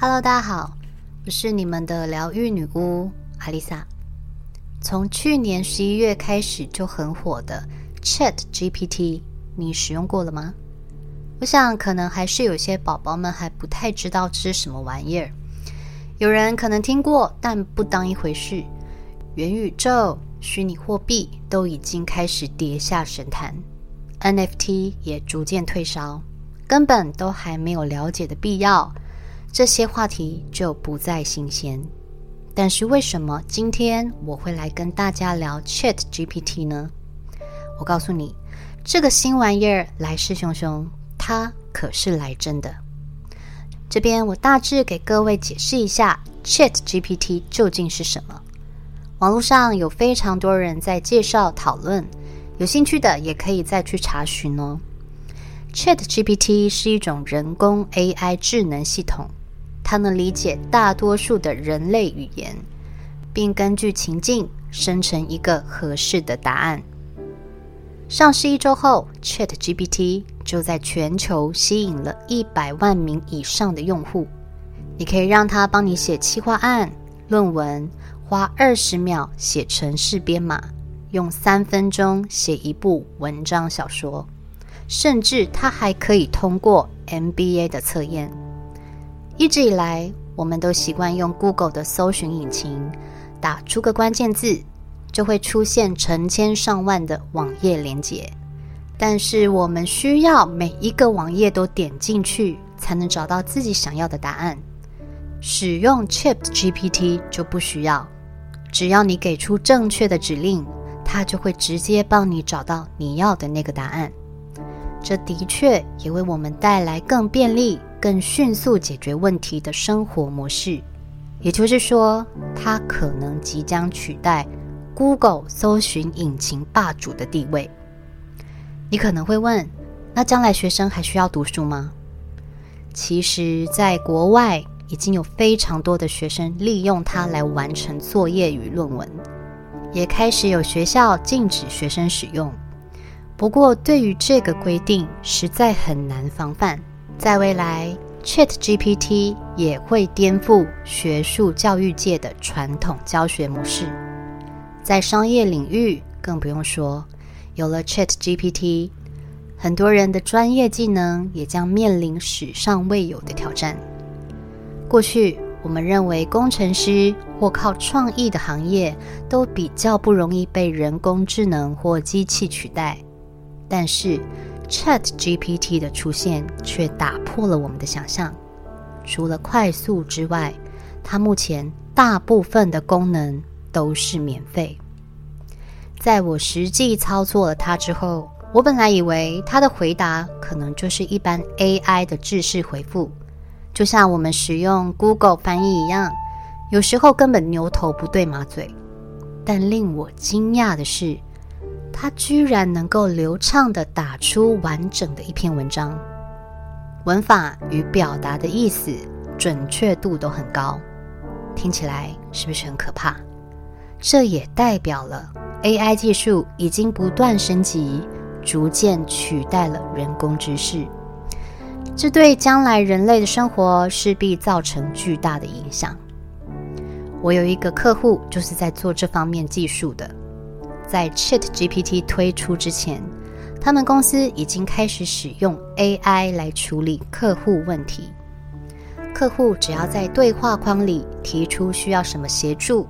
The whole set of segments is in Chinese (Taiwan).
Hello，大家好，我是你們的療癒女巫阿麗莎。從去年十一月開始就很火的 ChatGPT，你使用過了嗎？我想可能還是有些寶寶們還不太知道這是什麼玩意兒。有人可能聽過，但不當一回事。元宇宙、虛擬貨幣都已經開始跌下神壇，NFT 也逐漸退燒，根本都還沒有了解的必要。這些話題就不再新鮮，但是為什麼今天我會來跟大家聊 Chat GPT 呢？我告訴你，這個新玩意兒來勢洶洶，它可是來真的。這邊我大致給各位解釋一下 Chat GPT 究竟是什麼。網絡上有非常多人在介紹討論，有興趣的也可以再去查詢哦。Chat GPT 是一種人工 AI 智能系統。他能理解大多數的人類語言，並根據情境生成一個合適的答案。上市一周後，ChatGPT 就在全球吸引了一百萬名以上的用戶。你可以讓他幫你寫企劃案、論文，花二十秒寫程式編碼，用三分鐘寫一部文章小說，甚至他還可以通過 MBA 的測驗。一直以來，我們都習慣用 Google 的搜尋引擎，打出個關鍵字，就會出現成千上萬的網頁連接。但是，我們需要每一個網頁都點進去，才能找到自己想要的答案。使用 ChatGPT 就不需要，只要你給出正確的指令，它就會直接幫你找到你要的那個答案。這的確也為我們帶來更便利。更迅速解決問題的生活模式，也就是說，它可能即將取代 Google 搜尋引擎霸主的地位。你可能會問，那將來學生還需要讀書嗎？其實，在國外已經有非常多的學生利用它來完成作業與論文，也開始有學校禁止學生使用。不過，對於這個規定，實在很難防範。在未來，ChatGPT 也會顛覆學術教育界的傳統教學模式。在商業領域，更不用說，有了 ChatGPT，很多人的專業技能也將面臨史上未有的挑戰。過去，我們認為工程師或靠創意的行業都比較不容易被人工智能或機器取代，但是，Chat GPT 的出現卻打破了我們的想象。除了快速之外，它目前大部分的功能都是免費。在我實際操作了它之後，我本來以為它的回答可能就是一般 AI 的制式回復，就像我們使用 Google 翻譯一樣，有時候根本牛頭不對馬嘴。但令我驚訝的是，它居然能夠流暢的打出完整的一篇文章，文法與表達的意思準確度都很高，聽起來是不是很可怕？這也代表了 AI 技術已經不斷升級，逐漸取代了人工知識，這對將來人類的生活勢必造成巨大的影響。我有一個客戶就是在做這方面技術的。在 ChatGPT 推出之前，他們公司已經開始使用 AI 來處理客戶問題。客戶只要在對話框裡提出需要什麼協助，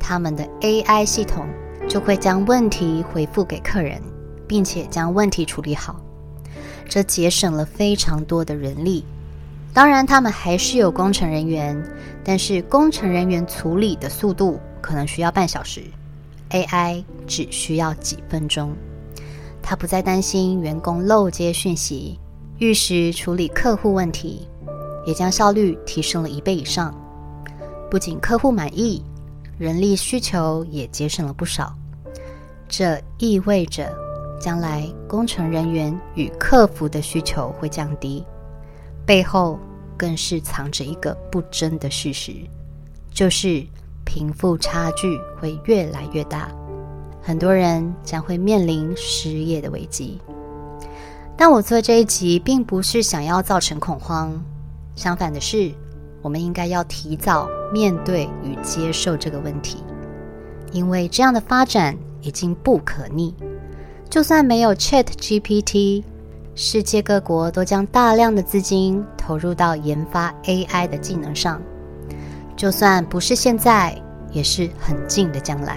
他們的 AI 系統就會將問題回覆給客人，並且將問題處理好。這節省了非常多的人力。當然，他們還是有工程人員，但是工程人員處理的速度可能需要半小時。AI 只需要幾分鐘，它不再擔心員工漏接訊息，遇事處理客戶問題，也將效率提升了一倍以上。不僅客戶滿意，人力需求也節省了不少。這意味着，將來工程人員與客服的需求會降低。背後更是藏着一個不爭的事實，就是，貧富差距會越來越大，很多人將會面臨失業的危機。但我做這一集，並不是想要造成恐慌，相反的是，我們應該要提早面對與接受這個問題，因為這樣的發展已經不可逆。就算沒有 ChatGPT，世界各國都將大量的資金投入到研發 AI 的技能上。就算不是現在，也是很近的將來。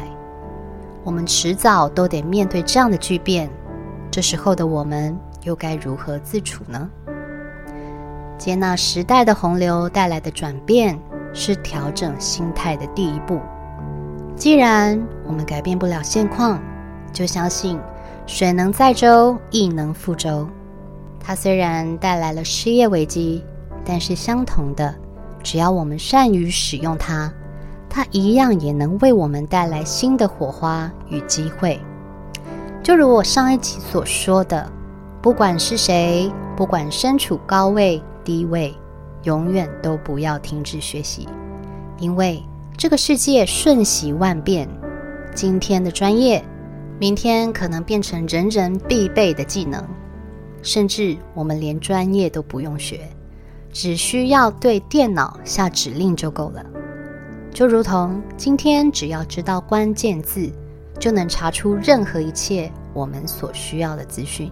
我們遲早都得面對這樣的巨變，這時候的我們又該如何自處呢？接納時代的洪流帶來的轉變，是調整心態的第一步。既然我們改變不了現況，就相信水能載舟，亦能覆舟。它雖然帶來了失業危機，但是相同的。只要我們善於使用它，它一樣也能為我們帶來新的火花與機會。就如我上一集所說的，不管是誰，不管身處高位、低位，永遠都不要停止學習，因為這個世界瞬息萬變，今天的專業，明天可能變成人人必備的技能，甚至我們連專業都不用學。只需要對電腦下指令就夠了，就如同今天只要知道關鍵字，就能查出任何一切我們所需要的資訊。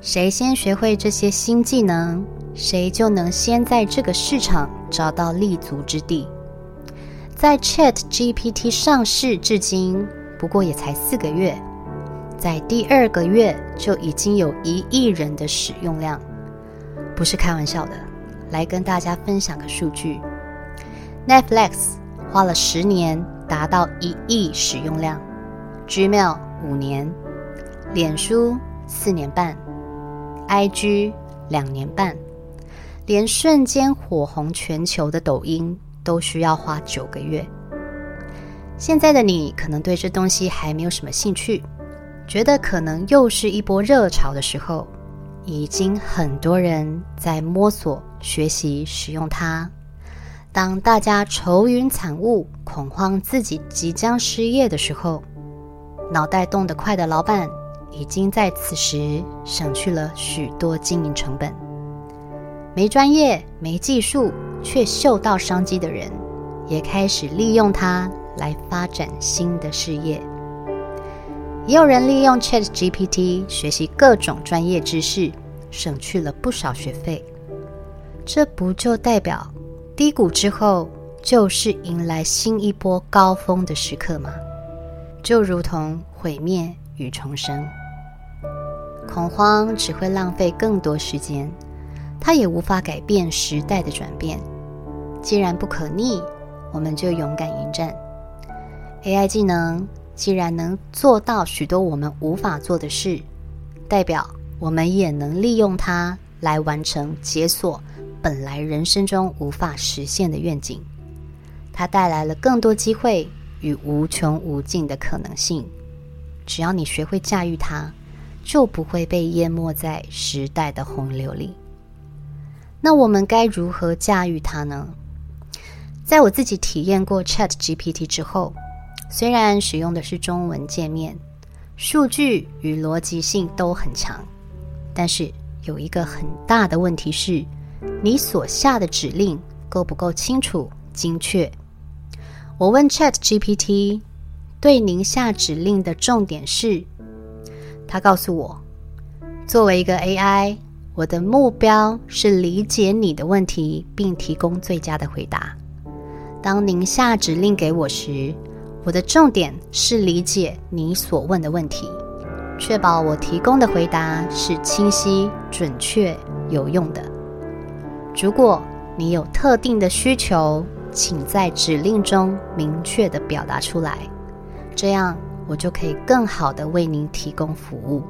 誰先學會這些新技能，誰就能先在這個市場找到立足之地。在 ChatGPT 上市至今，不過也才四個月，在第二個月就已經有一億人的使用量。不是開玩笑的，來跟大家分享個數據：Netflix 花了十年達到一億使用量，Gmail 五年，臉書四年半，IG 兩年半，連瞬間火紅全球的抖音都需要花九個月。現在的你可能對這東西還沒有什麼興趣，覺得可能又是一波熱潮的時候。已經很多人在摸索、學習、使用它。當大家愁雲慘霧、恐慌自己即將失業的時候，腦袋動得快的老板已經在此時省去了許多經營成本。沒專業、沒技術卻嗅到商機的人，也開始利用它來發展新的事業。也有人利用 ChatGPT 學習各種專業知識，省去了不少學費。這不就代表低谷之後就是迎來新一波高峰的時刻嗎？就如同毀滅與重生。恐慌只會浪費更多時間，它也無法改變時代的轉變。既然不可逆，我們就勇敢迎戰 AI 技能。既然能做到許多我們無法做的事，代表我們也能利用它來完成解鎖本來人生中無法實現的願景，它帶來了更多機會與無窮無盡的可能性。只要你學會駕馭它，就不會被淹沒在時代的洪流裡。那我們該如何駕馭它呢？在我自己體驗過 ChatGPT 之後，雖然使用的是中文界面，數據與邏輯性都很強，但是有一個很大的問題是，你所下的指令夠不夠清楚、精確？我問 ChatGPT：“ 對您下指令的重點是？”它告訴我：“作為一個 AI，我的目標是理解你的問題，並提供最佳的回答。當您下指令給我時。”我的重點是理解你所問的問題，確保我提供的回答是清晰、準確、有用的。如果你有特定的需求，請在指令中明確地表達出來，這樣我就可以更好地為您提供服務。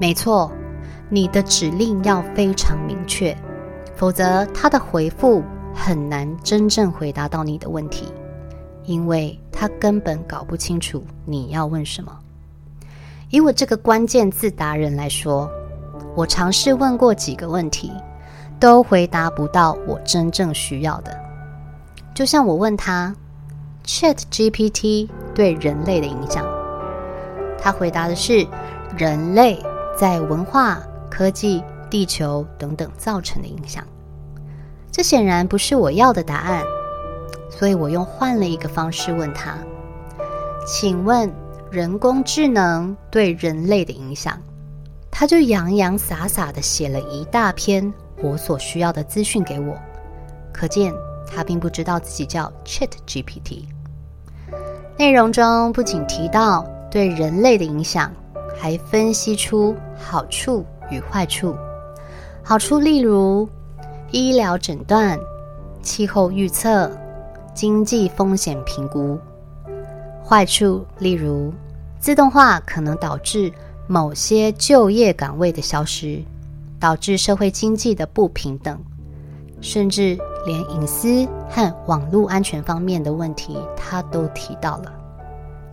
沒錯，你的指令要非常明確，否則他的回覆很難真正回答到你的問題。因為他根本搞不清楚你要問什麼。以我這個關鍵字達人來說，我嘗試問過幾個問題，都回答不到我真正需要的。就像我問他 “ChatGPT 對人類的影響”，他回答的是人類在文化、科技、地球等等造成的影響，這顯然不是我要的答案。所以我又換了一個方式問他：“請問人工智能對人類的影響？”他就洋洋灑灑地寫了一大篇我所需要的資訊給我。可見他並不知道自己叫 ChatGPT。內容中不僅提到對人類的影響，還分析出好處與壞處。好處例如醫療診斷、氣候預測。經濟風險評估，壞處例如自動化可能導致某些就業崗位的消失，導致社會經濟的不平等，甚至連隱私和網絡安全方面的問題，他都提到了。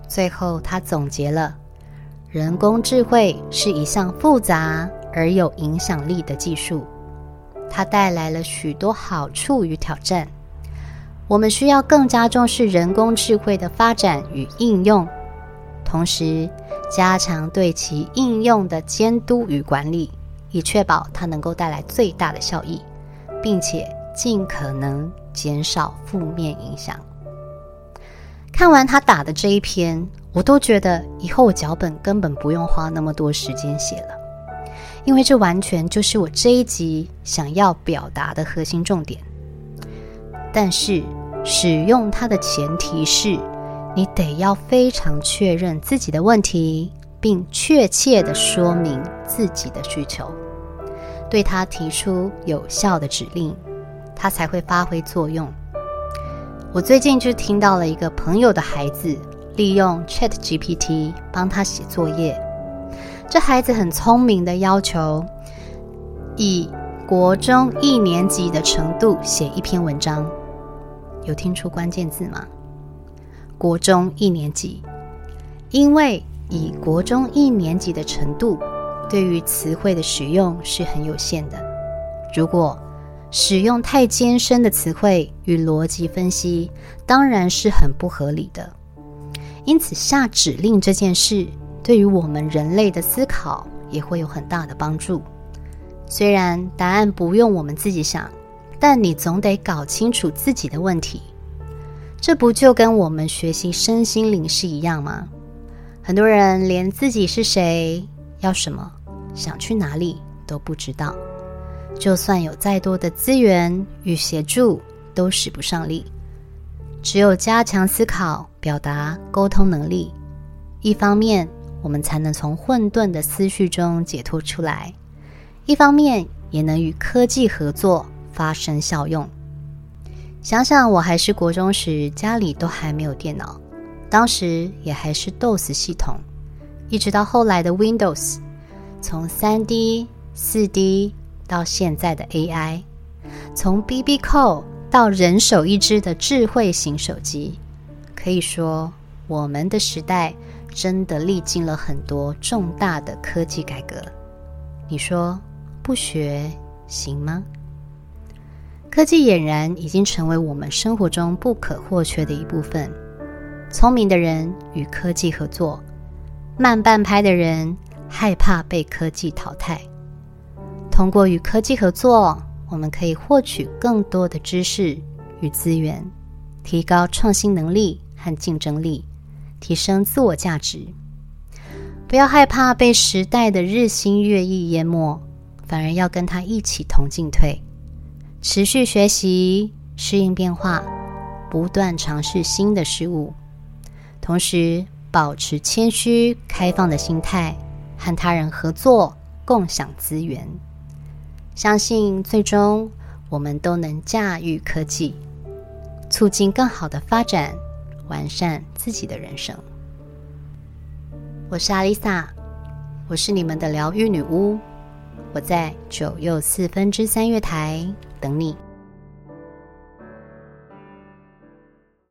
最後，他總結了：人工智慧是一項複雜而有影響力的技術，它帶來了許多好處與挑戰。我們需要更加重視人工智慧的發展與應用，同時加強對其應用的監督與管理，以確保它能夠帶來最大的效益，並且盡可能減少負面影響。看完他打的這一篇，我都覺得以後我腳本根本不用花那麼多時間寫了，因為這完全就是我這一集想要表達的核心重點。但是，使用它的前提是，你得要非常確認自己的問題，並確切地說明自己的需求，對他提出有效的指令，他才會發揮作用。我最近就聽到了一個朋友的孩子利用 ChatGPT 幫他寫作業，這孩子很聰明的要求，以國中一年級的程度寫一篇文章。有聽出關鍵字嗎？國中一年級，因為以國中一年級的程度，對於詞彙的使用是很有限的。如果使用太艱深的詞彙與邏輯分析，當然是很不合理的。因此，下指令這件事，對於我們人類的思考也會有很大的幫助。雖然答案不用我們自己想。但你總得搞清楚自己的問題，這不就跟我們學習身心靈是一樣嗎？很多人連自己是誰、要什麼、想去哪裡都不知道，就算有再多的資源與協助，都使不上力。只有加強思考、表達、溝通能力，一方面我們才能從混沌的思緒中解脫出來，一方面也能與科技合作。發生效用。想想我還是國中時，家裡都還沒有電腦，當時也還是 DOS 系統，一直到後來的 Windows，從三 D、四 D 到現在的 AI，從 BB Call 到人手一支的智慧型手機，可以說我們的時代真的歷經了很多重大的科技改革。你說不學行嗎？科技儼然已經成為我們生活中不可或缺的一部分。聰明的人與科技合作，慢半拍的人害怕被科技淘汰。通過與科技合作，我們可以獲取更多的知識與資源，提高創新能力和競爭力，提升自我價值。不要害怕被時代的日新月異淹沒，反而要跟他一起同進退。持續學習，適應變化，不斷嘗試新的事物，同時保持謙虛、開放的心態，和他人合作，共享資源。相信最終我們都能駕馭科技，促進更好的發展，完善自己的人生。我是阿麗薩，我是你們的療癒女巫。我在九又四分之三月台等你。